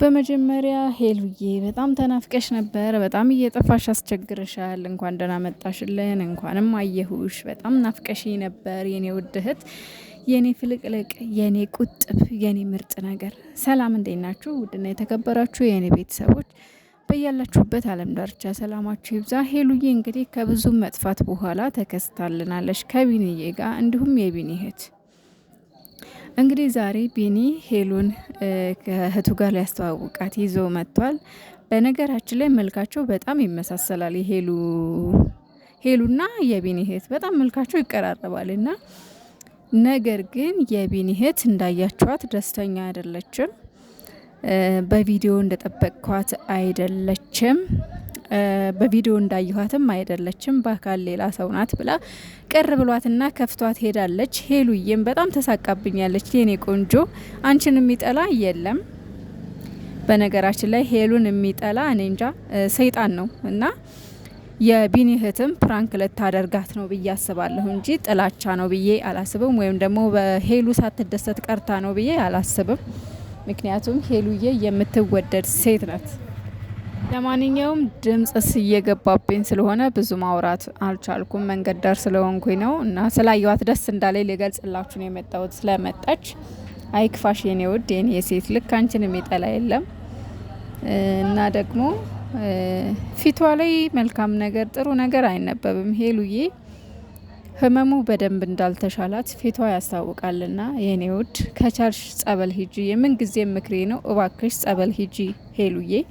በመጀመሪያ ሄሉዬ በጣም ተናፍቀሽ ነበር። በጣም እየጠፋሽ አስቸግርሻል። እንኳን ደህና መጣሽልን። እንኳንም አየሁሽ። በጣም ናፍቀሽ ነበር የኔ ውድ እህት፣ የኔ ፍልቅልቅ፣ የኔ ቁጥብ፣ የኔ ምርጥ ነገር። ሰላም እንዴት ናችሁ? ውድና የተከበራችሁ የእኔ ቤተሰቦች በያላችሁበት ዓለም ዳርቻ ሰላማችሁ ይብዛ። ሄሉዬ እንግዲህ ከብዙ መጥፋት በኋላ ተከስታልናለች ከቢንዬ ጋር እንዲሁም የቢኒ እህት እንግዲህ ዛሬ ቢኒ ሄሉን ከእህቱ ጋር ሊያስተዋውቃት ይዞ መጥቷል። በነገራችን ላይ መልካቸው በጣም ይመሳሰላል። የሄሉ ሄሉና የቢኒ እህት በጣም መልካቸው ይቀራረባል እና ነገር ግን የቢኒ እህት እንዳያቸዋት ደስተኛ አይደለችም። በቪዲዮ እንደጠበቅኳት አይደለችም። በቪዲዮ እንዳየኋትም አይደለችም በአካል ሌላ ሰው ናት ብላ ቅር ብሏትና ከፍቷት ሄዳለች። ሄሉዬም በጣም ተሳቃብኛለች። የኔ ቆንጆ አንቺን የሚጠላ የለም። በነገራችን ላይ ሄሉን የሚጠላ እኔ እንጃ ሰይጣን ነው እና የቢኒ እህትም ፕራንክ ልታደርጋት ነው ብዬ አስባለሁ እንጂ ጥላቻ ነው ብዬ አላስብም። ወይም ደግሞ በሄሉ ሳትደሰት ቀርታ ነው ብዬ አላስብም። ምክንያቱም ሄሉዬ የምትወደድ ሴት ናት። ለማንኛውም ድምጽ እየገባብኝ ስለሆነ ብዙ ማውራት አልቻልኩም። መንገድ ዳር ስለሆንኩኝ ነው እና ስላየዋት ደስ እንዳለኝ ልገልጽላችሁ ነው የመጣሁት። ስለመጣች አይክፋሽ የኔ ውድ የኔ የሴት ልክ አንቺን የሚጠላ የለም እና ደግሞ ፊቷ ላይ መልካም ነገር ጥሩ ነገር አይነበብም። ሄሉዬ ህመሙ በደንብ እንዳልተሻላት ፊቷ ያስታውቃልና የኔ ውድ ከቻልሽ ጸበል ሂጂ። የምንጊዜም ምክሬ ነው፣ እባክሽ ጸበል ሂጂ ሄሉዬ